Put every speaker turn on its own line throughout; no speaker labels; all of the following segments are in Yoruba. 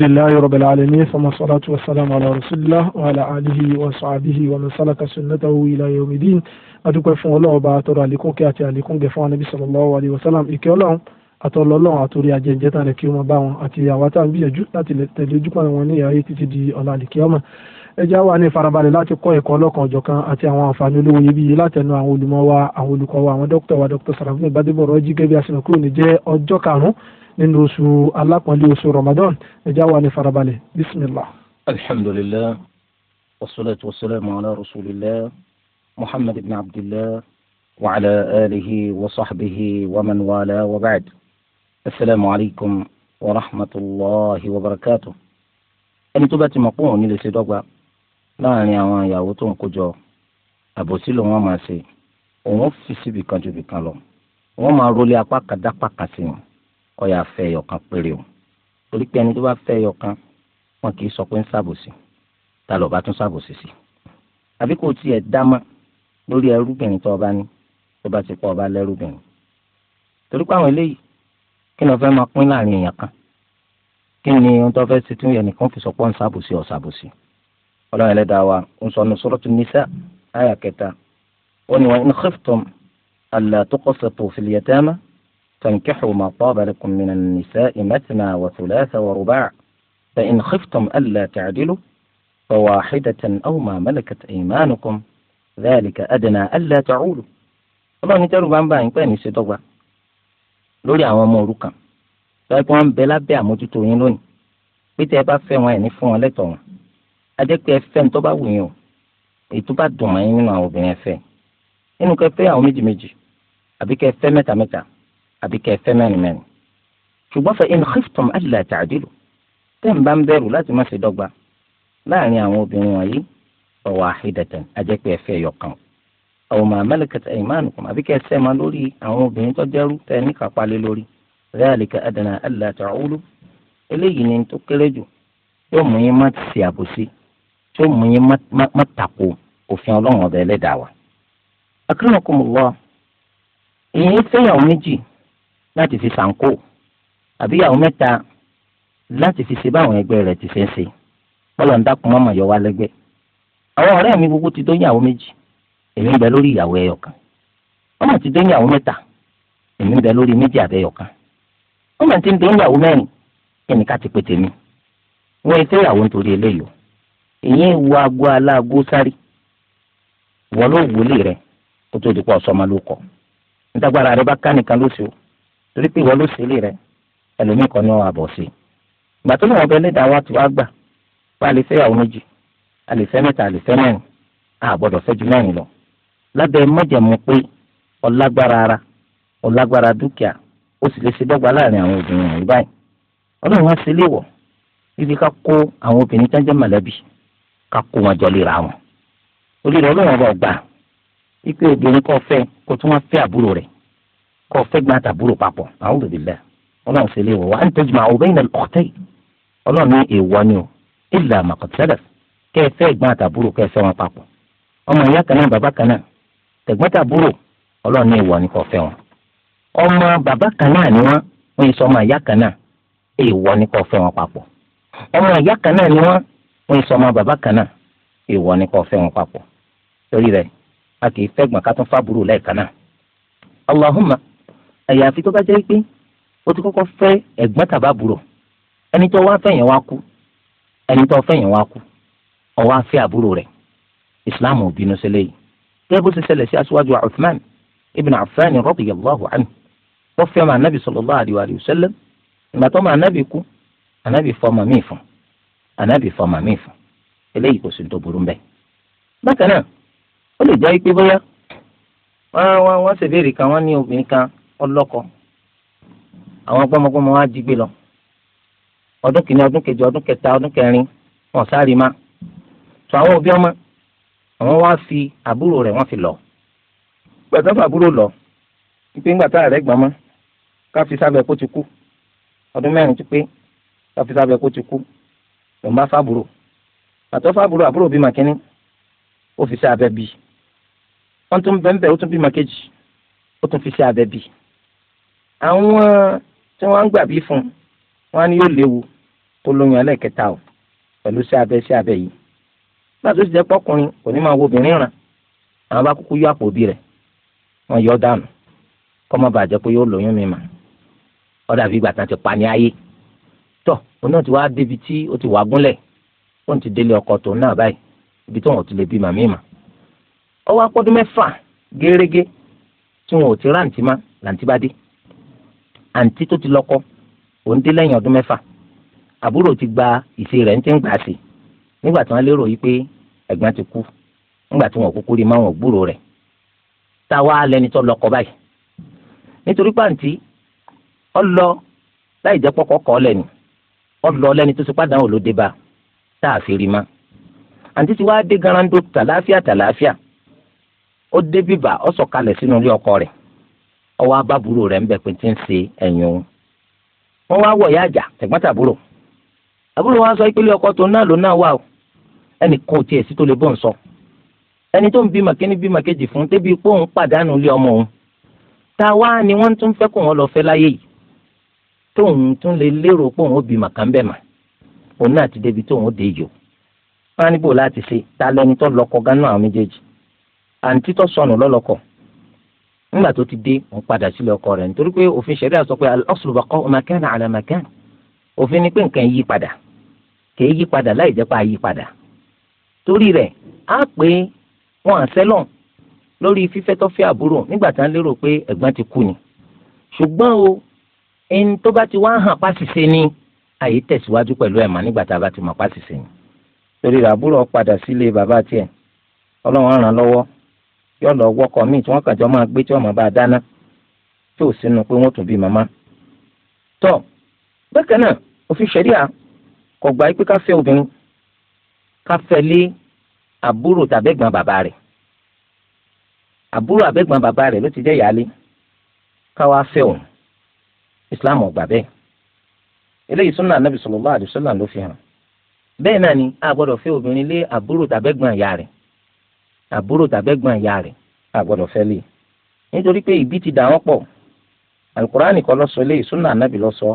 لله رب العالمين ثم الصلاة والسلام على رسول الله وعلى آله وصحبه ومن سلك سنته إلى يوم الدين adúpẹ́ fún ọlọ́run ọba àtọ̀rọ̀ àlékún kí àti àlékún gẹ̀ fún anabi sallallahu alayhi wa sallam ìkẹ́ ọlọ́run àtọ̀lọ́ ọlọ́run àtòrí ajẹ́jẹ́ tán rẹ̀ kí wọ́n bá wọn àti àwa tá à ń gbìyànjú láti tẹ̀lé ojúpọ̀ wọn ní ìyá ayé títí di ọ̀la àlìkíyàmà ẹjẹ́ wà ní ìfarabalẹ̀ láti kọ́ ẹ̀kọ́ ọlọ́kan ọ̀jọ̀kan àti àwọn àǹfààní olówó iyebíye látẹnu àwọn olùmọ̀ wa àwọn olùkọ́ wa àwọn dókítà wa dókítà Sarafin Gbadebo Raji gẹ́gẹ́ bí a sinmi kúrò ní jẹ́ ọjọ́ karùn-ún nínú oṣù alápọ̀nlé oṣù Ramadan ẹjẹ́ wà ní ìfarabalẹ̀ bismillah.
alhamdulilayi wasalaatu wasalaamu ala rasulillah muhammad ibn abdillah wa alihi wa sahbihi wa man wala wa ba'd asalaamu ẹni tó bá ti mọ̀ pé òun ní lè ṣe dọ́gba láàrin àwọn ìyàwó tó ń kójọ àbòsí lòun máa ṣe òun fi síbi kan ju ibìkan lọ wọn máa rọlé apá kan dápá kan sí wọn ọyà fẹ́ ẹyọkan péré o torí pé ẹni tó bá fẹ́ ẹyọkan wọn kì í sọ pé ń ṣàbòsí ta ló bá tún ṣàbòsí sí àbí kò tiẹ̀ dá lórí ẹrúbìnrin tó ọba ní tó bá ti pọ̀ ọba lẹ́rúbìnrin torí pé àwọn eléyìí kí ni wọ́n fẹ́ máa pín láàrin èèyàn kan kí ni ohun tó fẹ́ ṣe tún yẹ nìkan fi sọ pé ń ṣàbòsí ọ̀ṣàbòsí ولا دعوة انصر من سورة النساء آية كتا وإن خفتم ألا تقسطوا في اليتامى فانكحوا ما طاب لكم من النساء مثنى وثلاث ورباع فإن خفتم ألا تعدلوا فواحدة أو ما ملكت أيمانكم ذلك أدنى ألا تعولوا الله نتعلم بان بان بان يسيطوا لولي عوام موروكا فأيكم بلا بيع موجودوا ينوني بيتي بافي وين يفون لتوان adẹ́pẹ́ ẹfẹ́ ní tó bá wù yín o èyí tó bá dùn mọ́ yín nínú àwọn obìnrin ẹfẹ́ nínú kẹ́ fẹ́ àwọn méjì méjì àbí kẹ́ fẹ́ mẹ́ta mẹ́ta àbí kẹ́ fẹ́ mẹ́rin mẹ́rin ṣùgbọ́n fa in khiftum alla tẹ́ ń bá ń bẹ̀rù láti má ṣe dọ́gba láàrin àwọn obìnrin wọ̀nyí fa wahidatan adẹ́pẹ́ ẹfẹ́ yọkan aw ma malakat aymanukum àbí kẹ́ fẹ́ lórí àwọn obìnrin tó jẹ́rú tẹ́ ní kápálẹ́ lórí dhalika adna alla ta'ulu eléyìí ni tó kéré jù yóò mú yín má ti ṣe àbòsí tó mú yín má tako òfin ọlọ́run ọba ẹlẹ́dàá wa. akramakumullah
èyí fẹ́yàwó méjì
láti fi sànkó àbíyàwó mẹ́ta láti fi ṣe báwọn ẹgbẹ́ rẹ̀ ti fẹ́ ṣe bọ́lá ń dákun mọ́mọ́ yọ wá lẹ́gbẹ́ àwọn ọ̀rẹ́ mi gbogbo ti dóyàwó méjì èmi ń bẹ lórí ìyàwó ẹyọ kan ọmọ ti dóyàwó mẹ́ta èmi ń bẹ lórí méjì àbẹ́yọ kan ọmọ ti dóyàwó mẹ́rin ẹnìkan ti pété mi wọ́n ẹ fẹ́yàwó nítorí eléyìí èyí ń wo aago aláàgó sáré wọ́n ló wọlé rẹ̀ kó tó di pa ọ̀sọ́mọ ló kọ̀ nítagbára rẹ bá ká nìkan ló torí pé ìwọ ló ṣe rẹ ẹlòmíì kan ní àbọ̀ sí i ìgbà tó lóun ọbẹ̀ lẹ́dàá wa ti wá gbà wá lè fẹ́ a lè fẹ́ mẹ́ta a lè fẹ́ mẹ́rin a fẹ́ ju mẹ́rin lọ lábẹ́ mọ́jẹ̀mú pé ọlágbára ara ọlágbára dúkìá ó sì lè ṣe dọ́gba láàrin àwọn obìnrin kakó wọn jọ lè ra wọn orí rẹ ọlọ́wọ́n bá gbà ipe obìnrin kọ́ fẹ́ kó tí wọ́n fẹ́ àbúrò rẹ̀ kọ́ fẹ́ gbà tàbúrò papọ̀ a'udhu billah ọlọ́run ṣe lè wọ̀ wá an tajma'u bayna al-ukhtay ọlọ́run ní èèwọ̀ ni o illa ma kẹ́ fẹ́ gbà tàbúrò kẹ́ fẹ́ wọn papọ̀ ọmọ ìyá kan náà bàbá kan náà tẹ̀gbọ́n ń sọ ọmọ bàbá kan náà èèwọ̀ ni kò fẹ́ wọn papọ̀ torí rẹ̀ a kì í fẹ́ gbọ̀n ká tún fábùrù lẹ́ẹ̀kan náà. Allahumma àyàfi tó bá jẹ́ pé o ti kọ́kọ́ fẹ́ ẹ̀gbọ́n tàbábùrò ẹni tó wá fẹ̀yìn wá kú ẹni tó fẹ̀yìn wá kú ó wá fẹ́ àbúrò rẹ̀ ìsìláàmù ò bínú sílẹ̀ yìí. gẹ́gẹ́ bó ti ṣẹlẹ̀ sí aṣáájú Uthman ibn Affan radiyallahu anhu wọ́n fẹ́ ọmọ anábì sallallahu alaihi wa ìgbà tó ọmọ anábì kú anábì fọ́ ọmọ míì fún un ànábì fọmọ mi fún eléyìí kò sí tó burú mbẹ. bákan náà ó lè jẹ́ pé bóyá wọ́n wọ́n ṣèbéèrè kan wọ́n ní obìnrin kan ọlọ́kọ àwọn gbọ́mọgbọ́mọ wa jí gbé lọ ọdún kìíní ọdún kejì ọdún kẹta ọdún kẹrin wọn sáré má tó àwọn òbí ọmọ àwọn wá fi àbúrò rẹ̀ wọ́n fi lọ gbàtà fàbúrò lọ wípé ńgbàtà rẹ̀ gbọmọ káfí sábẹ́ kó ti kú ọdún mẹ́rin ti pé káfí sábẹ́ kó ti kú ló ń bá fábùrò pàtó fábùrò àbúrò bímọ kínní ó fi sí abẹ bí wọn tún bẹ ń bẹ ó tún bímọ kejì ó tún fi sí abẹ bí àwọn tí wọn ń gbà bí fún wọn ni yóò léwu tó lóyún ẹlẹ́kẹta o pẹ̀lú sí abẹ sí abẹ yìí nígbà tó ti jẹ́ pọ́kùnrin kò ní máa wo obìnrin ràn àwọn bá kúkú yọ àpò òbí rẹ̀ wọ́n yọ dànù kọ́ má pé yóò lóyún mi mà ọ́ dàbí ìgbà tán ti pa ní ayé òun náà ti wá débi tí ó ti wà gúnlẹ̀ ó ti délé ọkọ tòun náà báyìí ibi tí wọn ò ti lè bí màmí mà ó wá pọ́dún mẹ́fà gẹ́rẹ́gẹ́ tí wọn ò ti ráǹtí má làǹtí bá dé àǹtí tó ti lọ́kọ òun dé lẹ́yìn ọdún mẹ́fà àbúrò ti gba ìṣe rẹ̀ ń ti ń gbà sí nígbà tí wọ́n lérò yìí pé ẹ̀gbọ́n ti kú nígbà tí wọn kúkú rí máwọn ògbúrò rẹ̀ tá a wá lẹni tó lọ́kọ báyìí nítorí pàǹtí ọ lọ láì jẹ́ pọ́kọ́ kọ́ lẹ́nu ọlọ lẹni tó ti pàdánù ló dé bá tá a fi rí ma àǹtí ti wáá dé garando tàlàáfíà tàlàáfíà ó dé bíbà ó sọ̀kalẹ̀ sínú ilé ọkọ rẹ ọwọ́ abábúrò rẹ ń bẹ̀ pé tí ń òun wá wọ àjà àbúrò wa sọ ọkọ tó náà ló náà wà o ẹnì kan ò tiẹ̀ sí tó lè ń sọ ẹni tó ń bí bí fún débi pé òun pàdánù ilé ta ni wọ́n tóun tún lè lérò pé òun ó bí màkà ń bẹ̀ mà òun náà ti débi tóun ó dé yò wọn á níbò láti ṣe ta lẹni tó lọkọ gánà àwọn méjèèjì àǹtí tó sọnù lọlọkọ nígbà tó ti dé òun padà sílé ọkọ rẹ̀ nítorí pé òfin ṣẹlẹ̀ àsọ pé ọsùlùbọkọ ọmọkẹ́ni àlàmàkẹ́ni òfin ni pé nǹkan yí padà kìí yí padà láì jẹ́ pé a yí padà torí rẹ̀ á pé wọn à sẹ́lọ̀n lórí fífẹ́ tó fẹ́ àbúrò nígbà tá à lérò pé ẹ̀gbọ́n ti kú ni ṣùgbọ́n o ẹni tó bá ti wá hàn pàṣìṣe ni àyè tẹ̀síwájú pẹ̀lú ẹ̀ mà nígbà tá a bá ti mọ̀ pàṣìṣe ni. torí àbúrò padà sílé bàbá tiẹ̀ ọlọ́run ràn lọ́wọ́ yóò lọ wọ́kọ̀ míì tí wọ́n kàn jọ máa gbé tí wọ́n máa bá a dáná tí ò sínú pé wọ́n tún bí màmá. tọ́ bẹ́ẹ̀ náà òfin ṣẹ̀ríà kò gbà pé ká fẹ́ obìnrin ká fẹ́ lé àbúrò tàbẹ́gbọ̀n bàbá rẹ̀ àbúrò àbẹ́gbọ̀n bàbá rẹ̀ ló ti jẹ́ ìyáálé ká wá fẹ́ òun islam ọgbà bẹ́ẹ̀ eléyìí súnà anabi sallallahu alaihi wasallam ló fi hàn bẹ́ẹ̀ náà ni a gbọ́dọ̀ fẹ́ obìnrin lé àbúrò tàbẹ́gbọ̀n ìyá rẹ̀ àbúrò tàbẹ́gbọ̀n ìyá rẹ̀ a gbọ́dọ̀ fẹ́ lé nítorí pé ìbí ti dà wọ́n pọ̀ alukur'ani kọ́ ló sọ eléyìí súnà anabi ló sọ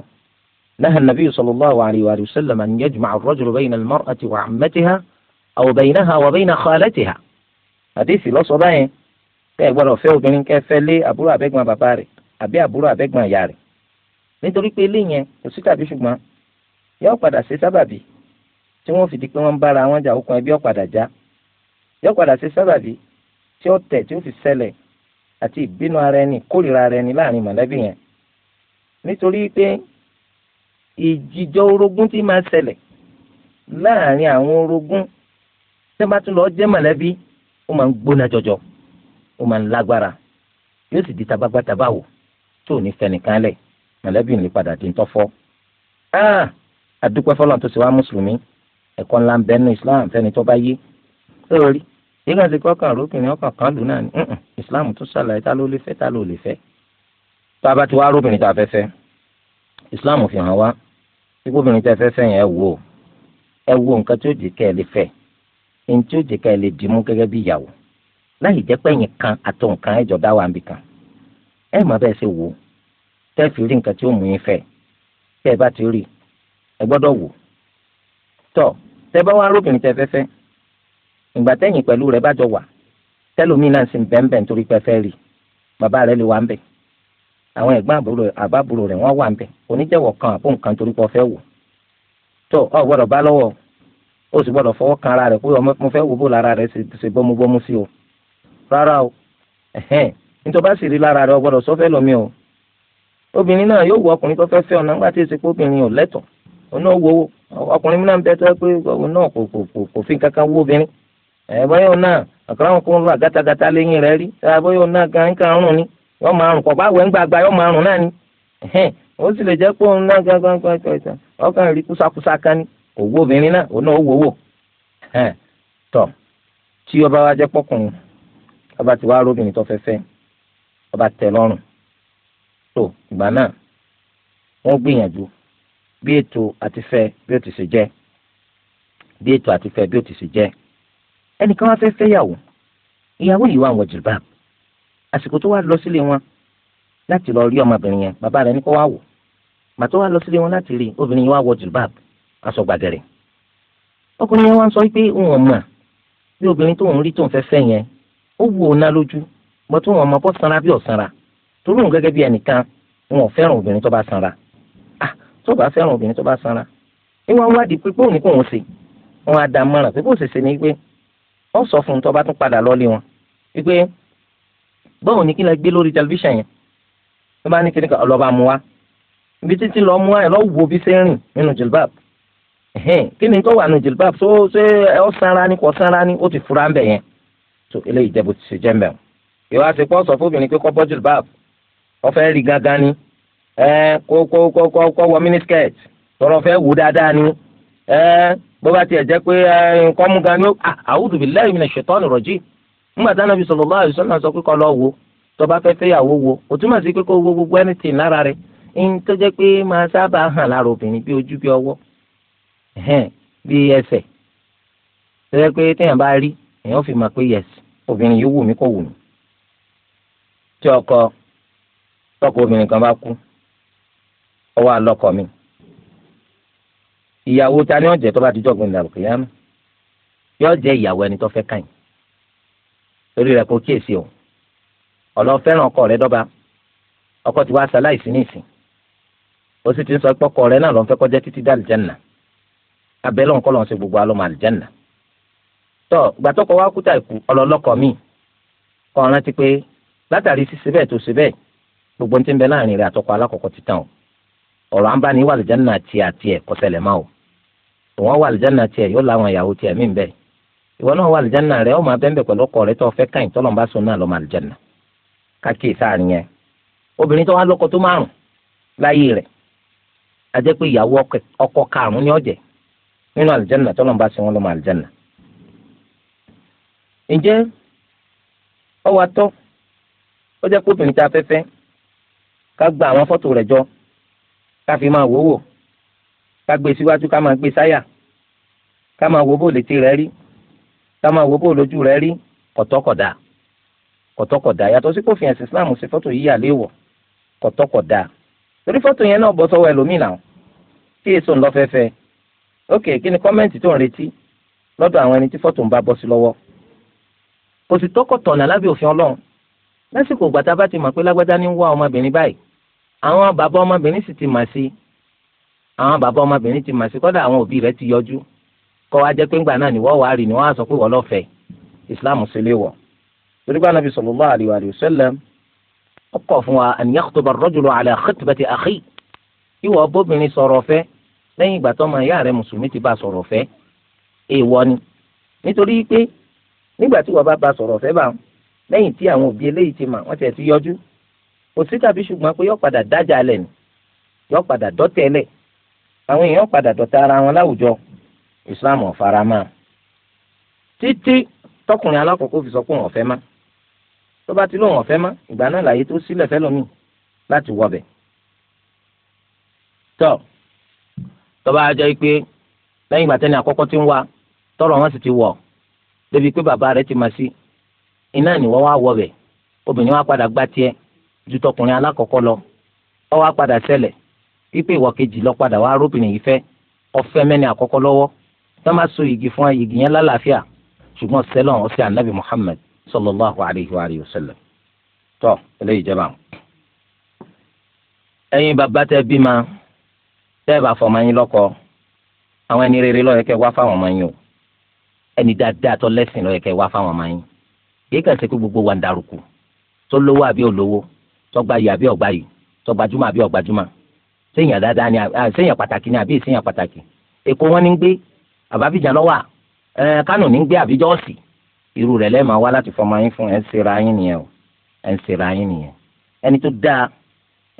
naha nabi sallallahu alaihi wasallam an yajma'a ar-rajulu bayna al-mar'ati wa 'ammatiha aw baynaha wa bayna khalatiha àdéhìsì ló sọ báyẹn kẹ́ ẹ gbọ́dọ̀ obìnrin kẹ́ fẹ́ lé àbúrò àbẹ́gbọ̀n bàbá rẹ̀ àbí àbúrò àbẹ́gbọ̀n ìyá rẹ̀ nítorí pé ilé yẹn kò sí tàbí ṣùgbọ́n yóò padà ṣe sábàbí tí wọ́n fi di pé wọ́n ń bára wọn jà okùn ẹbí ọ̀padà já yóò padà ṣe sábàbí tí ó tẹ̀ tí ó fi ṣẹlẹ̀ àti ìbínú ara ẹni kórìíra ara ẹni láàrin mọ̀lẹ́bí yẹn nítorí pé ìjìjọ orogún tí máa ṣẹlẹ̀ láàrin àwọn orogún tí wọ́n tún lọ jẹ́ mọ̀lẹ́bí ó máa ń gbóná jọjọ ó máa ń lágbára yóò sì di tabagbátabáwò tó ò ní fẹnìkan lẹ̀ mọ̀lẹ́bí ní padà di ńtọ́fọ́ àdúpẹ́ ah, fọlọ́n tó ṣe wá mùsùlùmí ẹ̀kọ́ ńlá bẹ nínú islam fẹ́ni tó bá yé lórí yìí kàn sí kọ́kàn róbìnrin ọkàn kan lù náà ní islam tó ṣàlàyé ta ló lè fẹ́ ta ló lè fẹ́ tá a bá ti wá róbìnrin tá a fẹ́ fẹ́ islam fi hàn wá ipò obìnrin tá a fẹ́ fẹ́ yẹn ẹ wò ó ẹ wo nǹkan tí ó ká ẹ lè fẹ́ ẹni tí ó ká ẹ lè dìímú gẹ́gẹ́ bí ìyàwó láì jẹ́ pé ẹ̀yìn kan àtọ̀ nǹkan ẹ̀jọ̀ dá wà níbì kan ẹ̀ mọ̀ bẹ́ẹ̀ ṣe wò ó tẹ́ẹ̀fì rí nǹkan tí ó mú yín fẹ́ tẹ́ ẹ bá ti rí ẹ gbọ́dọ̀ wò tọ́ tẹ́ bá wá róbìnrin tẹ́ fẹ́fẹ́ ìgbà tẹ́yìn pẹ̀lú rẹ̀ bá jọ wà tẹ́lómi náà sì ń nítorí pé fẹ́ rí bàbá rẹ̀ lè wà ń àwọn ẹ̀gbọ́n àbúrò rẹ̀ wọ́n wà ń bẹ̀ kan àpò nǹkan torí pé fẹ́ wò tọ́ ọ gbọ́dọ̀ bá lọ́wọ́ o sì gbọ́dọ̀ fọwọ́ kan ara rẹ̀ pé mo fẹ́ wò bó lára rẹ̀ ṣe bọ́mú bọ́mú sí o rárá o ẹ̀hẹ́n nítorí bá sì rí lára rẹ̀ o gbọ́dọ̀ sọ fẹ́ lómi o obìnrin náà yóò wọ ọkùnrin tó fẹ́ fẹ́ ọ̀nà nígbà tí èsì pé obìnrin ò lẹ́tọ̀ ọ̀nà owó ọkùnrin náà ń tó pé òun náà kò kò kò fi kankan wó obìnrin ẹ̀ bọ́yọ̀ ń lọ àgàtàgàtà lẹ́yìn rẹ̀ rí náà gan kan ni yọ máa rùn wẹ̀ ń gbàgbà yọ máa rùn náà ni ó sì lè jẹ́ pé òun náà gan ọkàn rí kúsakúsa tó ìgbà náà wọ́n gbìyànjú bí ètò àtifẹ́ bí ó ti ṣe jẹ́ bí ètò àtifẹ́ bí ó ti ṣe jẹ́ ẹnìkan wá fẹ́ fẹ́yàwó ìyàwó yìí wà wọ jìlbáb àsìkò tó wá lọ sílé wọn láti lọ rí ọmọbìnrin yẹn bàbá rẹ̀ ní kó wá wò màá tó wá lọ sílé wọn láti rí obìnrin yìí wá wọ jìlbáb aṣọ gbàgẹ̀rẹ̀ ọkùnrin yẹn wá ń sọ pé òun ò mọ̀ bí obìnrin tóun rí tóun fẹ́ fẹ́ yẹn ó wù òun lójú mọ́ ọmọ bọ́ sanra bí ọ̀sanra torí òun gẹ́gẹ́ bí ẹnìkan wọn ò fẹ́ràn obìnrin tó bá sanra ah tó bá fẹ́ràn obìnrin tó bá sanra ìwọ̀n wádìí pé bóun ni kò wọ́n ṣe wọn á dá mọ́ràn pé bóun ni pé wọ́n sọ fún un tó bá tún padà lọ́ọ́lé wọn wípé báwo ni kí n lè gbé lórí tẹlifíṣàn yẹn tó bá ní kí ni ká lọ́ọ́ bá mu wá ibi títí lọ́ọ́ mu wá ẹ̀ lọ́ọ́ wo bí ṣe ń rìn nínú jilbab kí ni tó wà nínú jilbab tó ṣe ọ sanra ni kò sanra ni ó ti fura ń bẹ̀ yẹn tó eléyìí jẹ́ bó ti ṣe jẹ́ ń bẹ̀ ìwà àti pọ́ọ̀sọ̀ jilbab ọfẹ rí gángan ni ẹ kó kó kó kó kó wọ tọrọ fẹ́ wù dáadáa ni ẹ bó bá pé ẹ nǹkan mú gan ni ó a'udhu billahi minash shaitani tí sọ pé lọ tọba túmọ̀ sí pé kó wo gbogbo lára ń tó pé máa sábà hàn lára obìnrin bí ojú bí bí tó pé téèyàn bá rí èèyàn fi pé yẹs ọkọ tọ́kọ obìnrin kan bá kú ọwọ́ àlọ́kọ mi ìyàwó ta ni ó jẹ́ tó bá dijọ́ gbìn dàrú kìyàm yóò jẹ́ ìyàwó ẹni tó fẹ́ káyìn torí rẹ̀ kó kíyèsí o ọlọ́fẹ́ràn ọkọ rẹ dọ́ba ọkọ ti wá ṣaláìsí nísìn ó sì ti ń sọ pé ọkọ rẹ náà ló ń fẹ́ kọjá títí dá àlìjánà abẹ́lẹ́ òǹkọ́ lọ́n ṣe gbogbo alọ́mọ àlìjánà tọ́ gbàtọ́kọ wa kúta ìkú ọlọ́lọ́kọ míì kọ́ rántí pé látàrí ṣíṣe bẹ́ẹ̀ tó ṣe bẹ́ẹ̀ gbogbo tí ń bẹ láàrin rẹ̀ àtọkọ alákọ̀ọ́kọ́ ti tàn o ọ̀rọ̀ à ń bá ní wàlìjánà tiẹ̀ àti ẹ̀ kọsẹ̀lẹ̀ máa o ìwọ́n wàlìjánà tiẹ̀ yóò láwọn ìyàwó tiẹ̀ mí bẹ́ẹ̀ ìwọ náà wàlìjánà rẹ̀ ó máa bẹ́ẹ̀ bẹ́ẹ̀ pẹ̀lú ọkọ rẹ̀ tó fẹ́ káyìn tọ́lọ́mbà sọ náà lọ́ọ́ màlìjánà káàkiri sáàrin yẹn obìnrin tó wá lọ́kọ tó márùn láyé rẹ̀ a pé ìyàwó ọkọ karùn-ún ni ó jẹ́ nínú àlìjánà tọ́lọ́mbà sọ wọn lọ́ọ́ màlìjánà ǹjẹ́ ọwọ́ atọ́ ó jẹ́ kóbìnrin tá a fẹ́fẹ́ ká gba àwọn fọ́tò rẹ̀ jọ ká fi máa wò wò ká gbé e síwájú ká máa gbé e sáyà ká máa wò bó létí rẹ̀ rí ká máa wò bó lójú rẹ̀ rí kọ̀tọ́kọ̀dà kọ̀tọ́kọ̀dà yàtọ̀ sí kófin ẹ̀sìn Islam ṣe fọ́tò yíyà léèwọ̀ kọ̀tọ́kọ̀dà torí fọ́tò yẹn náà bọ́ sọ́wọ́ ẹlòmíì náà kí èso ń lọ fẹ́fẹ́ ok kí ni kọ́mẹ́ǹtì tó ń retí lọ́dọ̀ àwọn ẹni tí fọ́tò ń bá bọ́ sí lọ́wọ́ kò sì tọ́kọ̀tọ̀nà lábẹ́ òfin Ọlọ́run lásìkò ìgbà tá a bá ti mọ̀ pé lágbádá ní wá ọmọbìnrin báyìí àwọn bàbá ọmọbìnrin sì ti mà sí àwọn bàbá ọmọbìnrin ti mà sí kọ́dà àwọn òbí rẹ̀ ti yọjú kọ́ wa jẹ́ pé ńgbà náà ni wọ́n wá rí ni wọ́n á sọ pé wọ́n lọ́fẹ̀ẹ́ Islam sì lè wọ̀ torí pé anabi sallallahu alayhi wa sallam ọkọ̀ fún wa an yakhtuba ar-rajulu ala khitbati akhi ìwọ bóbìnrin sọ̀rọ̀ fẹ́ lẹ́yìn ìgbà tó ọmọ ìyá rẹ̀ mùsùlùmí ti bá sọ̀rọ̀ fẹ́ èèwọ̀ ni nítorí pé nígbà tí wọ́n bá bá sọ̀rọ̀ fẹ́ báwọn lẹ́yìn tí àwọn òbí eléyìí ti mà wọ́n ti ẹ̀ ti yọjú kò sí tàbí ṣùgbọ́n pé yọ padà dájà lẹ̀ ni yọ padà dọ́tẹ̀lẹ̀ àwọn èèyàn padà dọ̀tá ara wọn láwùjọ Islam ọ̀farama títí tọkùnrin alákọ̀ọ́kọ́ fi sọ pé òun ọ̀fẹ́ má tó bá ti lóun ọ̀fẹ́ má ìgbà náà làyè tó sílẹ̀ fẹ́ lómi láti wọbẹ̀ tọ́ tó bá jẹ́ pé lẹ́yìn ìgbà tẹ́ni àkọ́kọ́ ti ń wa tọrọ wọn sì ti wọ̀ débi pé bàbá rẹ̀ ti máa sí iná ni wọ́n wá wọbẹ̀ obìnrin wa padà gba tiẹ̀ ju tọkùnrin alákọ̀ọ́kọ́ lọ ó wá padà ṣẹlẹ̀ wípé ìwọ kejì lọ padà wá arúbìnrin yìí fẹ́ ọfẹ́ mẹ́ni àkọ́kọ́ lọ́wọ́ tó má so igi fún igi yẹn lálàáfíà ṣùgbọ́n sẹ́lọ̀n ọ̀sẹ̀ anabi muhammed sallallahu alayhi wa alayhi wa sallam tọ́ eléyìí jẹba. ẹ̀yin bàbá tẹ́ bímọ tẹ́ bá fọmọ yín lọ́kọ àwọn ẹni rere ló yẹ kẹ́ wá fáwọn ọmọ yín o ẹni dáadáa tó lẹ́sìn ló wá fáwọn ọmọ yín kì í kàn ṣe pé gbogbo wa ń darúkú tó lówó àbí olówó tó gbayì àbí ọ̀gbayì tó gbajúmọ̀ àbí ọ̀gbajúmọ̀ séèyàn dáadáa ni séèyàn pàtàkì ni àbí séèyàn pàtàkì èkó wọn ní ń gbé àbábíjà lọ́wọ́ à kánò ní ń gbé àbíjọ́ ọ̀sì irú rẹ̀ lẹ́ẹ̀ máa wá láti fọmọ yín fún ẹ̀ ń ṣera yín nìyẹn o ẹ̀ ń ṣera yín nìyẹn ẹni tó dáa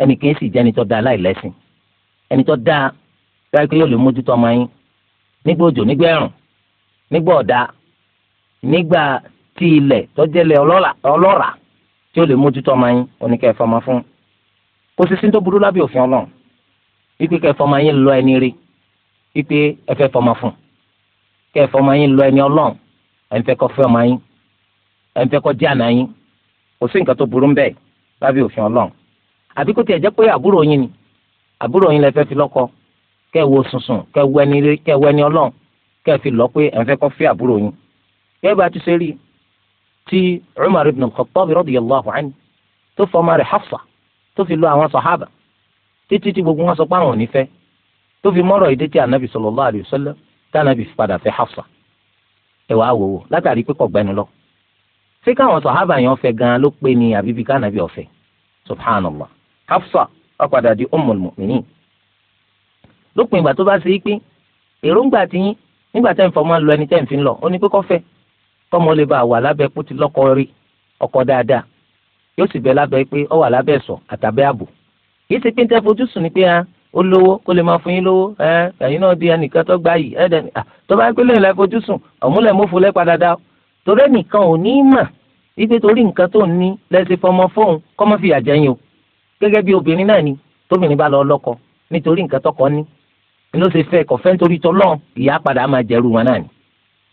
ẹni kìí sì jẹ́ ẹni tó dáa láìlẹ́sìn ẹni tó dáa láì pé yóò lè mójútó ọmọ yín nígbà òjò nígbà ẹ̀rùn nígbà ọ̀dà nígbà ti ilẹ̀ tọ́jẹ́lẹ̀ ọlọ́ra tí ó lè mójútó ọmọ yín oníkẹ́ ìfọmọ fún kò sí sí tó burú lábẹ́ òfin ọlọ́run wípé kẹ́ ìfọmọ yín lọ ẹni rí wípé ẹ fẹ́ fọmọ fún kẹ́ ìfọmọ yín lọ ẹni ọlọ́run ẹ̀ ń fẹ́ kọ́ fẹ́ ọmọ yín ẹ̀ ń fẹ́ kọ́ jẹ́ àná yín kò sí nǹkan tó burú bẹ́ẹ̀ lábẹ́ òfin ọlọ́run àbí kó tiẹ̀ jẹ́ pé àbúrò yín ni àbúrò yín lẹ fẹ́ fi lọ́kọ kẹ́ ẹ wo sùnsùn kẹ́ ẹ wẹ́ni ọlọ́run kẹ́ ẹ fi lọ pé ẹ̀ kọ́ fẹ́ àbúrò yín kẹ́ ẹ bá ti ṣe rí i tí Umar ibn al-Khattab radiyallahu anhu tó fọmọ rẹ̀ Hafsa tó fi lọ àwọn sàhábà títí tí gbogbo wọn sọ pé àwọn ò ní fẹ́ tó fi mọ́rọ̀ ìdí tí anabi sallallahu alayhi wa sallam tí anabi fi padà fẹ́ Hafsa ẹ wàá wò ó látàrí pé kò gbẹ́nu lọ ṣé káwọn sàhábà yẹn fẹ́ gan-an ló pé ní àbíbí kánabi ọ̀fẹ́ subhanallah Hafsa ó di ummul mu'minin lópin ìgbà tó bá ṣe é pé èròǹgbà tí nígbà tẹ́ ń fọmọ́ lu ẹni tẹ́ ń fi lọ ó ní pé kó fẹ́ tọmọ lè bá wà lábẹ́ kó ti lọ́kọ rí ọkọ dáadáa yóò sì bẹ lábẹ́ pé ọ wà lábẹ́ sọ àtàbẹ́ ààbò kì í ṣe pé ń tẹ́ fojú sùn ni pé ah, ó lówó kó lè máa fún yín lówó eh, ẹ̀yin náà di ẹnìkan tó gbá yìí ẹ̀ẹ́dẹ̀ eh, ah, tó bá pé lẹ́yìn láì fojú sùn ọ̀múlẹ̀ mọ́fò lẹ́ padà dá torí ẹnìkan ò ní í mà wípé torí nǹkan tó ní lẹ́sẹ̀ fọmọ fóun kọ́mọ́ fìyà jẹyìn o gẹ́gẹ́ bí obìnrin náà ni tóbìnrin bá lọ lọ́kọ nítorí nǹkan tọkọ ní ló ṣe fẹ́ kọ̀fẹ́ nítorí tọ́lọ́ ìyá padà máa jẹrù wọn náà ni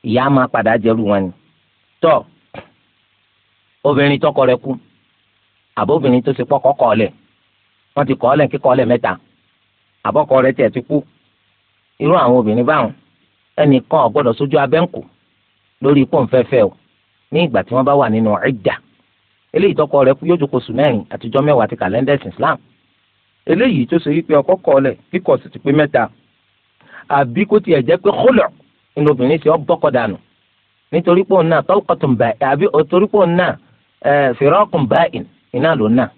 ìyá máa padà jẹrù wọn ni tọ́ obìnrin tọkọ rẹ̀ kú àbó obìnrin tó ṣe pọ́kọ kọ́ ọ lẹ̀ wọ́n ti kọ́ ọ lẹ̀ kíkọ́ ọ lẹ̀ mẹ́ta àbọ̀kọ rẹ̀ tiẹ̀ ti kú irú àwọn obìnrin báwọn ẹnìkan ò gbọ́dọ̀ sójú abẹ́ǹkù lórí ikú òǹfẹ́fẹ́ o ní ìgbà tí wọ́n bá wà nínú idda eléyìí tọkọ rẹ̀ kú yóò jókòó sùn mẹ́rin àtijọ́ mẹ́wàá ti kàlẹ́ndà ẹ̀sìn Islam eléyìí tó ṣe wípé ọkọ kọ ọlẹ̀ kíkọ̀ sì ti pé mẹ́ta àbí kó tiẹ̀ jẹ́ pé kólọ̀ inú obìnrin ṣe ọ́ bọ́kọ̀ dànù nítorí pé òun náà tọ́lùkọ̀tún bá àbí torí pé òun náà fìrọ́ọ̀kùn bá iná ló náà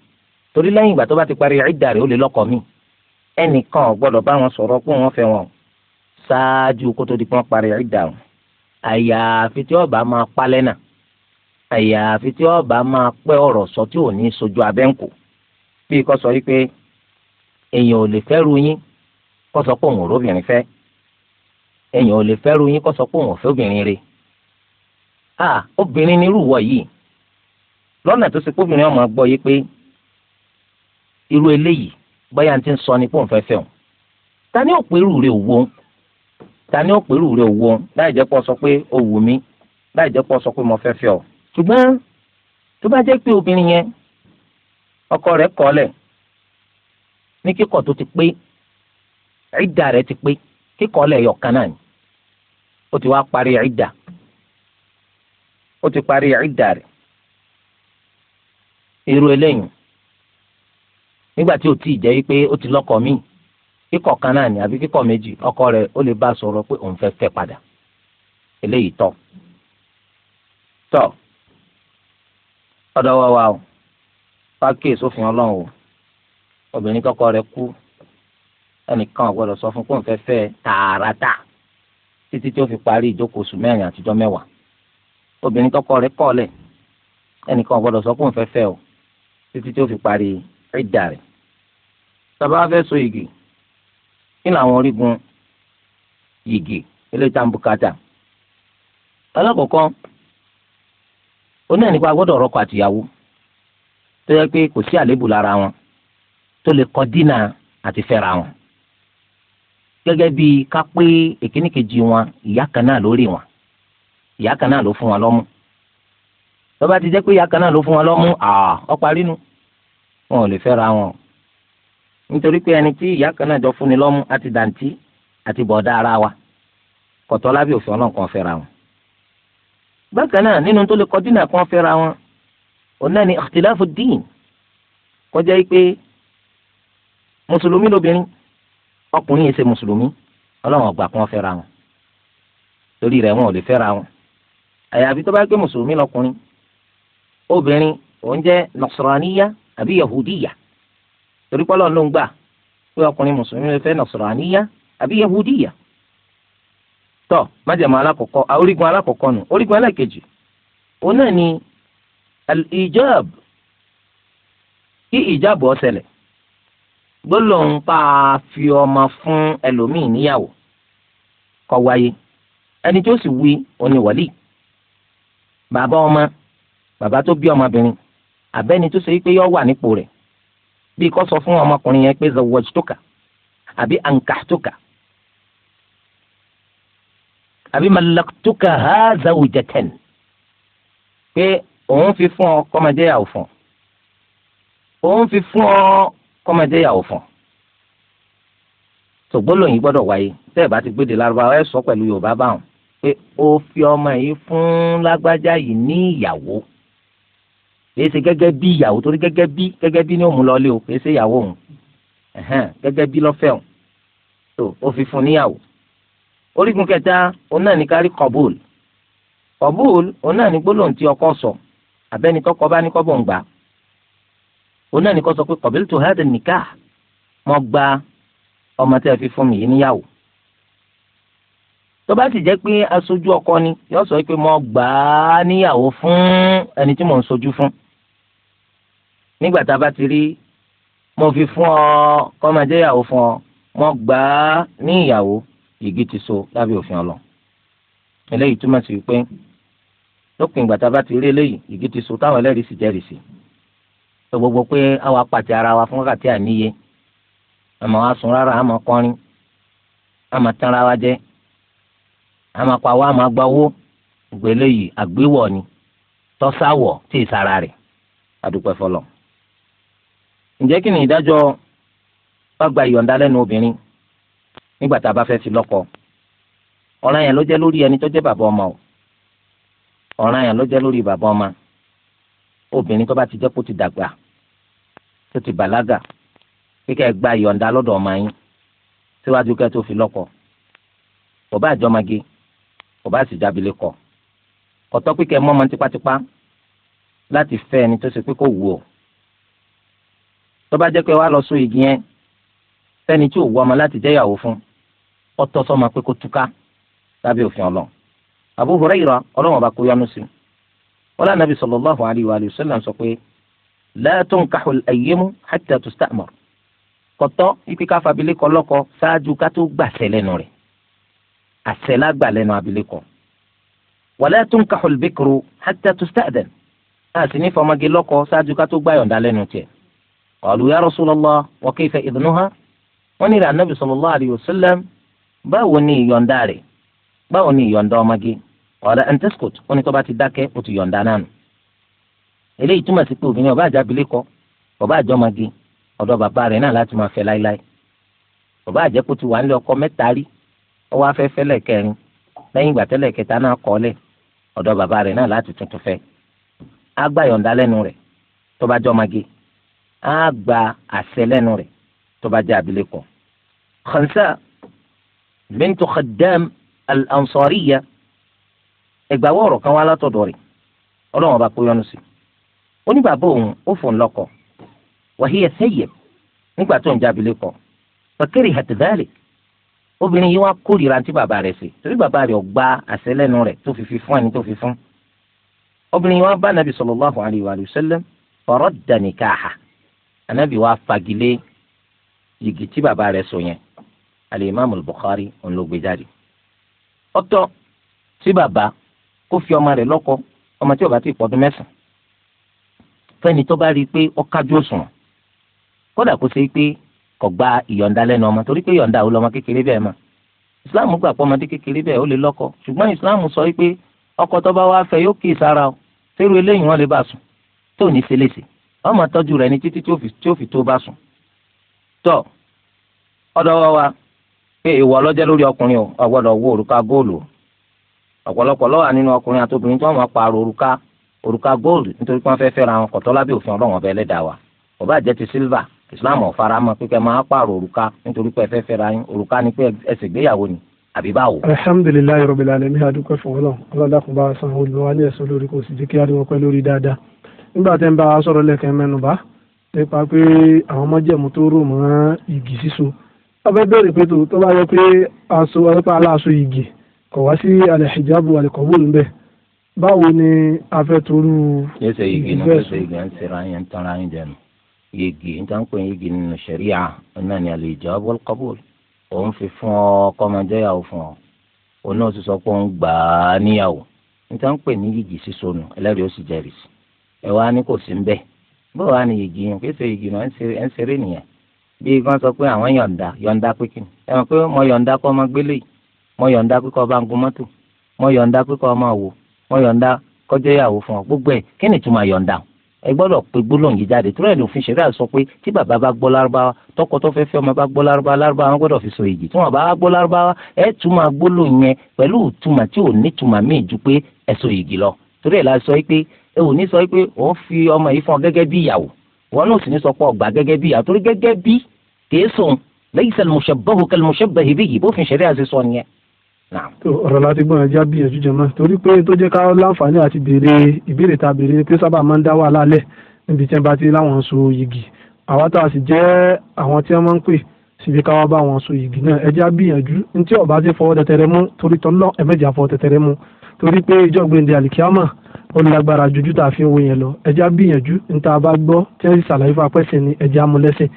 torí lẹ́yìn ìgbà tó bá ti parí ìdá rẹ̀ ó lè lọ́kọ mi ẹnìkan ò gbọ́dọ̀ bá wọn sọ̀rọ̀ pé wọ́n fẹ́ wọn ṣáájú kó tó di pọ́n parí ìdá wọn àyàfi tí ọba máa palẹ́ náà àyàfi tí ọba máa pẹ́ ọ̀rọ̀ sọ tí ò ní sojú abẹ́ǹkù bí kò sọ wípé èèyàn ò lè fẹ́ ru yín kó sọ pé òun ò fẹ́ èèyàn ò lè fẹ́ ru yín kó sọ pé òun ò obìnrin rẹ̀ a obìnrin nírú wọ yìí lọ́nà tó ṣe ọmọ gbọ́ yìí pé irú eléyìí ti ń sọ ni ta ni ó peru irú rẹ̀ ta ni ó peru irú rẹ̀ òwò láì jẹ́ pọ́ sọ pé ó wù mí láì jẹ́ pọ́ sọ pé mo fẹ́ fẹ́ ọ ṣùgbọ́n tó yẹn ọkọ rẹ̀ kọ́lẹ̀ ní kíkọ̀ tó ti pé ìdá rẹ̀ ti pé kíkọ́lẹ̀ náà ni ti wá parí ìdá ó ti parí ìdá rẹ̀ irú eléyìí nígbà tí ó ti jẹ́ pé ó ti lọ́kọ míì kíkọ̀ kan náà ni àbí kíkọ̀ méjì ọkọ rẹ̀ ó lè bá sọ̀rọ̀ pé òun fẹ́ fẹ́ padà eléyìí tọ́ tọ́ ọ̀dọ̀ wa wa o pákíyèsí òfin ọlọ́run o obìnrin kọ́kọ́ rẹ̀ kú ẹnìkan ò gbọ́dọ̀ sọ fún pé òun fẹ́ fẹ́ tààràtà títí tí ó fi parí ìjókòó oṣù mẹ́rin àtijọ́ mẹ́wàá obìnrin tọkọ rẹ̀ kọ̀ lẹ̀ ẹnìkan gbọ́dọ̀ sọ pé òun fẹ́ fẹ́ o títí tí ó fi parí ìdá rẹ̀
sábà fẹ́ so igi
kí làwọn orígun igi ilé tambukata alákọ̀ọ́kọ́ oní ẹnìkan gbọ́dọ̀ rọ́kọ àtìyàwó tó yẹ pé kò sí àléébù lára wọn tó lè kọ dínà àti fẹ́ra wọn gẹ́gẹ́ bíi ká pé èkíní wọn ìyá kan náà lórí wọn ìyá kan náà ló fún wọn lọ́mú tó bá ti jẹ́ pé ìyá kan náà ló fún wọn lọ́mú ó parí nu wọn ò lè fẹ́ra wọn nítorí pé ẹni tí ìyá kan náà jọ fúnni lọ́mú àti dàǹtí àti bọ̀dá ara wa kọ̀tọ́ lábẹ́ òfin ọlọ́run kan fẹ́ra wọn. bákan náà nínú tó lè kọjú náà kan fẹ́ra wọn òun ni ikhtilafu dín kọjá yìí pé mùsùlùmí lóbìnrin ọkùnrin yìí ṣe mùsùlùmí ọlọ́run ọgbà kan fẹ́ra wọn torí rẹ̀ wọn ò lè fẹ́ra wọn àyàfi tó bá gbé mùsùlùmí lọkùnrin obìnrin òun jẹ́ nasraniya àbí yahudiya torí pọ́lọ́ ló ń gbà pé ọkùnrin mùsùlùmí lè fẹ́ nasraniya àbí yahudiya tọ́ májèmọ́ alákọ̀ọ́kọ́ orígun alákọ̀ọ́kọ́ nù orígun alákejì òun náà ni al-ijab kí ìjáàbù ó ṣẹlẹ̀ gbólóhùn pa fi ọmọ fún ẹlòmíì níyàwó kò wáyé ẹni tó sì wí òun ni wàlíì bàbá ọmọ bàbá tó bí ọmọbìnrin àbẹ́ni tó ṣe pé yọ wà nípò rẹ̀ bí kò sọ fún ọmọkùnrin yẹn pé zawwajtuka àbí ankahtuka àbí malaktuka ha zawjatan pé òun fi fún ọ kọ́mọdé yàwó fún ọ òun fi fún ọ kọ́mọdé yàwó fún ọ tògbólóyìn gbọ́dọ̀ wáyé tẹ́ ẹ bá ti gbéde lárúbáwá ẹ sọ pẹ̀lú yorùbá báwọn pé ó fi ọmọ yìí fún lágbájá yìí ní ìyàwó kìí ṣe gẹ́gẹ́ bí ìyàwó torí gẹ́gẹ́ bí gẹ́gẹ́ bí ni ó mú lọlé o kìí ṣe ìyàwó òun gẹ́gẹ́ bí lọ́fẹ́ òun tó ó fi fún níyàwó. orígun kẹta òun náà ní kárí kọ̀bùl kọ̀bùl òun náà ní gbólóhùn tí ọkọ sọ abẹ́ni tọkọ bá ní kọ́ bọ̀ ń gbà òun náà ní kọ́ sọ pé kọ̀bùl tó hádà nìkà mọ́ gba ọmọ tẹ́ fi fún mi yìí níyàwó tó bá ti jẹ́ pé aṣojú ọkọ ni yóò sọ pé mo gbà á níyàwó fún ẹni tí mò ń ṣojú fún nígbà tá a bá ti rí mo fi fún ọ kọ́ máa jẹ́ ìyàwó fún ọ mo gbà á ní ìyàwó igi ti so lábẹ́ òfin ọlọ eléyìí túmọ̀ sí pé lópin ìgbà tá a bá ti rí eléyìí igi ti so táwọn ẹlẹ́rìí sì jẹ́rìí sí tó gbogbo pé àwa pàtẹ ara wa fún wákàtí àníyé àmọ́ wa sùn rárá àmọ́ kọrin àmọ́ tán ara wa jẹ́ àmàpá wa máa gba owó gbélé yìí àgbéwọ̀ ni tọ́sáwọ̀ tí ìsara rẹ̀ àdúpẹ́ fọlọ́. ǹjẹ́ kí ni ìdájọ́ bá gba ìyọ̀ǹda lẹ́nu obìnrin nígbà tá a bá fẹ́ fi lọ́kọ ọ̀ràn yẹn ló jẹ́ lórí ẹni tó jẹ́ bàbá ọmọ o ọ̀ràn yẹn ló jẹ́ lórí bàbá ọmọ obìnrin tó bá ti jẹ́ kó ti dàgbà tó ti bàlágà kíkẹ́ gba ìyọ̀ǹda lọ́dọ̀ ọmọ yín síwájú kẹ́ tó fi lọ́kọ bàbá àjọmọ́gé kò bá sì jábìlẹ kọ kọtọ pípẹ mọmọ tipátipá láti fẹ́ ẹni tó ṣe pé kò wù ọ́ tó bá jẹ́ pé wàá lọ sún igi yẹn fẹ́ni tí ò wù ọmọ láti jẹ́ ìyàwó fún ọtọ sọmọ pé kó túká lábẹ́ òfin Ọlọ́run Abu Hurairah Ọlọ́run ọba kó yánú sí wọn lànà bí sallallahu alayhi wa sallam sọ pé la tunkahu al-ayyimu hatta kọtọ ipi káfa abilékọ lọ́kọ ṣáájú ká tó gbàṣẹ lẹ́nu rẹ̀ àṣẹ lágbàlẹ́nu abilékọ. wala tunkahul bikru hatta tusta'dan náà sì ní fọmọge lọ́kọ ṣáájú ká tó gbàyọ̀ǹda lẹ́nu tiẹ̀. qalu ya rasulallah wa kayfa idnuha wọ́n ní ìrànàbì sallallahu alayhi wa sallam báwo ni ìyọ̀ǹda rẹ̀ báwo ni ìyọ̀ǹda ọmọge qala an taskut ó ní tó bá ti dákẹ́ ó ti yọ̀ǹda náà nù. eléyìí túmọ̀ sí pé obìnrin ọba àjà ó wá fẹ́ fẹ́lẹ̀ kẹrin lẹ́yìn ìgbà tẹ́lẹ̀ kẹta náà kọ́ lẹ̀ ọ̀dọ̀ bàbá rẹ̀ náà láti tuntun fẹ́ á gba yọ̀ǹda lẹ́nu rẹ̀ tó bá jẹ́ ọmọge á gba àṣẹ lẹ́nu rẹ̀ tó bá jẹ́ abilékọ. Khansa bintu Khaddam al-Ansariya ẹgbàáwọ̀ kan wá látọ̀dọ̀ rẹ̀ ọlọ́wọ́n bá kóyọ́nu sí ó òun ó fòun lọ́kọ wàhíyẹ sẹ́yẹ nígbà tó ń jábìlẹ̀ kọ pàkẹ́rì hàtẹ́dálẹ̀ obìnrin yìí wá kórìíra tí bàbá rẹ̀ ṣe torí bàbá rẹ̀ ọgbà àṣẹ lẹ́nu rẹ̀ tó fi fi fún ẹni tó fi fún obìnrin yìí wá bá anabi sallallahu alayhi wa sallam faradda nikaha anabi wá fagilé yìgì tí bàbá rẹ̀ so yẹn alimami Bukhari ọlọgbẹjáde ọ̀tọ̀ tí bàbá kó fi ọmọ rẹ̀ lọ́kọ ọmọ tí ó bá ti pọdún mẹ́sàn fẹ́ni tó bá rí i pé ó kò gba ìyọ̀ǹda lẹ́nu ọmọ torí pé ìyọ̀ǹda ò lọ́mọ kékeré bẹ́ẹ̀ mà islam gbà pé ọmọdé kékeré bẹ́ẹ̀ ó lè lọ́kọ ṣùgbọ́n islam sọ pé ọkọ tó bá wá fẹ́ yóò kí ìsara o fẹ́rù eléyìí wọ́n lè bá sùn tó ní ṣeléṣe ọmọ tọ́jú rẹ̀ ní títí tí ó fi tó bá sùn tọ́ ọ̀dọ̀ wa wa pé ìwọ ọlọ́jẹ́ lórí ọkùnrin o ọ̀gbọ́dọ̀ wo òrùka góòlù ọ̀pọ̀lọpọ̀ ló wà nínú ọkùnrin àti obìnrin tí wọ́n máa pààrọ̀ òrùka òrùka góòlù wa ó bá jẹ́ ti sílvà islam ọ̀fara mọ́ pé kẹ́ máa pààrọ̀ òrùka nítorí pé ẹ fẹ́ fẹ́ra yín òrùka ni pé ẹsẹ̀ gbéyàwó ni àbí báwo.
alhamdulilayi rabbil alamin adúpẹ́ fún ọlọ́run ọlọ́dàkùn bá san olùwà ní ẹ̀sán lórí kò sì jẹ́ kí ariwo pẹ́ lórí dáadáa nígbà tẹ́ ń bá a sọ̀rọ̀ lẹ́kẹ̀ẹ́ mẹ́nubà nípa pé àwọn ọmọjẹ̀mú tó rò mọ́ igi síso ọbẹ̀ bẹ̀rẹ̀ pé tó bá yẹ pé aṣọ ọlọ́pàá aláṣọ igi kọ̀ wá sí hijab alẹ́kọ̀ọ́bù ń bẹ̀ báwo ni afẹ́torú. yẹ́sẹ̀ igi náà fẹ́sẹ̀
igi ń sera yẹn ń tanra yẹn jẹnu yegi níta ń pè ní yegi nínú sẹ̀ríà náà ni al-ijab wal-qabul òun fi fún ọ kọ́mọjẹ́yàwó fún ọ òun náà ti sọ pé òun gbà á níyàwó níta ń pè ní yegi sísọnù ẹlẹ́rìí ó sì jẹ́rìsì ẹ wá ní kò sí ń bẹ́ẹ̀ bó wàá ní yegi yẹn kéṣe yegi náà ẹ ń ṣeré nìyẹn bí wọ́n sọ pé àwọn yọ̀ǹda yọ̀ǹda pé kí ni ẹ mọ̀ pé mo yọ̀ǹda kọ́ ọmọ gbélé mo yọ̀ǹda pé ọba ń mọ́tò mo yọ̀ǹda pé ọmọ wò mo yọ̀ǹda kọjá ìyàwó fún ọ gbogbo ẹ̀ kí ni ìtumọ̀ yọ̀ǹda o ẹ gbọ́dọ̀ pé gbólóhùn yìí jáde tóra ẹ̀ lófin ṣẹ̀ríà sọ pé tí bàbá bá gbọ́ lárúbáwá tọkọ tó fẹ́ẹ́ fẹ́ ọmọ bá gbọ́ lárúbáwá lárúbáwá wọn gbọ́dọ̀ fi so èyí tí wọn bá gbọ́ lárúbáwá ẹ túmọ̀ gbólóhùn yẹn pẹ̀lú ìtumọ̀ tí ò ní túmọ̀ míì ju pé ẹ so èyí lọ torí ẹ̀ la sọ pé ẹ ò ní sọ pé ó fi ọmọ yìí fún ọ gẹ́gẹ́ bí ìyàwó wọn náà sì ní sọ pé ọgbà gẹ́gẹ́ bí ìyàwó torí gẹ́gẹ́ bí kèésùn
tó ọ̀rọ̀ láti gbọ́n ẹja gbìyànjú jẹ mọ́ torí pé tó jẹ́ ká láǹfààní àti béèrè ìbéèrè ta béèrè pé sábà máa ń dá wà lálẹ́ níbi tí wọ́n bá ti láwọn so yìgì àwa tá a sì jẹ́ àwọn tí wọ́n máa ń pè síbi ká wá bá wọn so yìgì náà ẹja gbìyànjú ní tí ọba ti fọwọ́ tẹtẹrẹ mú torí tọ́lọ́ ẹ̀mẹ́jà fọwọ́ tẹtẹrẹ mú torí pé ìjọ gbèǹde àlìkíámà ó lágbára jùjú tá a fi owó yẹn lọ ẹja gbìyànjú ní tá a bá gbọ́ tí wọ́n sì ṣàlàyé fún apẹ́sẹ̀ ni ẹja amúlẹ́sìn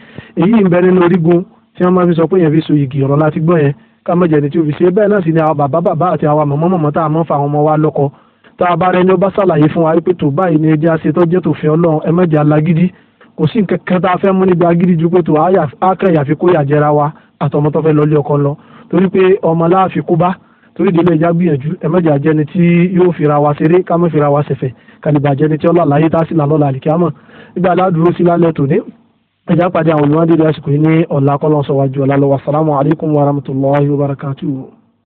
èyí ń bẹ nínú orígun tí wọ́n máa fi sọ pé yẹn fi so yìgì ọ̀rọ̀ láti gbọ́ yẹn ká má jẹ́ ni tí o fi ṣe bẹ́ẹ̀ náà sì ni àwọn bàbá bàbá àti àwọn mọ̀mọ́ mọ̀mọ́ tá a mọ̀ fa àwọn ọmọ wa lọ́kọ tá a bá rẹ ní ó bá ṣàlàyé fún wa pé tó báyìí ni ẹjẹ́ àṣetọ́ jẹ́ tòfin ọlọ́run ẹ má jẹ́ alágídí kò sí nǹkan kan tá a fẹ́ mú níbi agídí ju pé tó a kàn yàfi kó yà jẹra wa àtọmọ tó fẹ́ lọ lé ọkọ lọ torí pé ọmọ láàfin kó bá torí ìdílé ìjà gbìyànjú ẹ má àjẹni tí yóò fira wa ṣeré ká má fira wa ṣẹ̀fẹ̀ kàlíbà àjẹni tí ọlọ́ọ̀láyé tá a sì là lọ́la àlìkámọ̀ nígbà aládùúró sí lálẹ́ tòní ẹ̀já pàdé àwọn olùwádìí lásìkò yìí ní ọ̀la kọ́lọ́sọ̀wájú ọ̀la lọ́wọ́ assalamu alaikum warahmatullahi wabarakatuhu.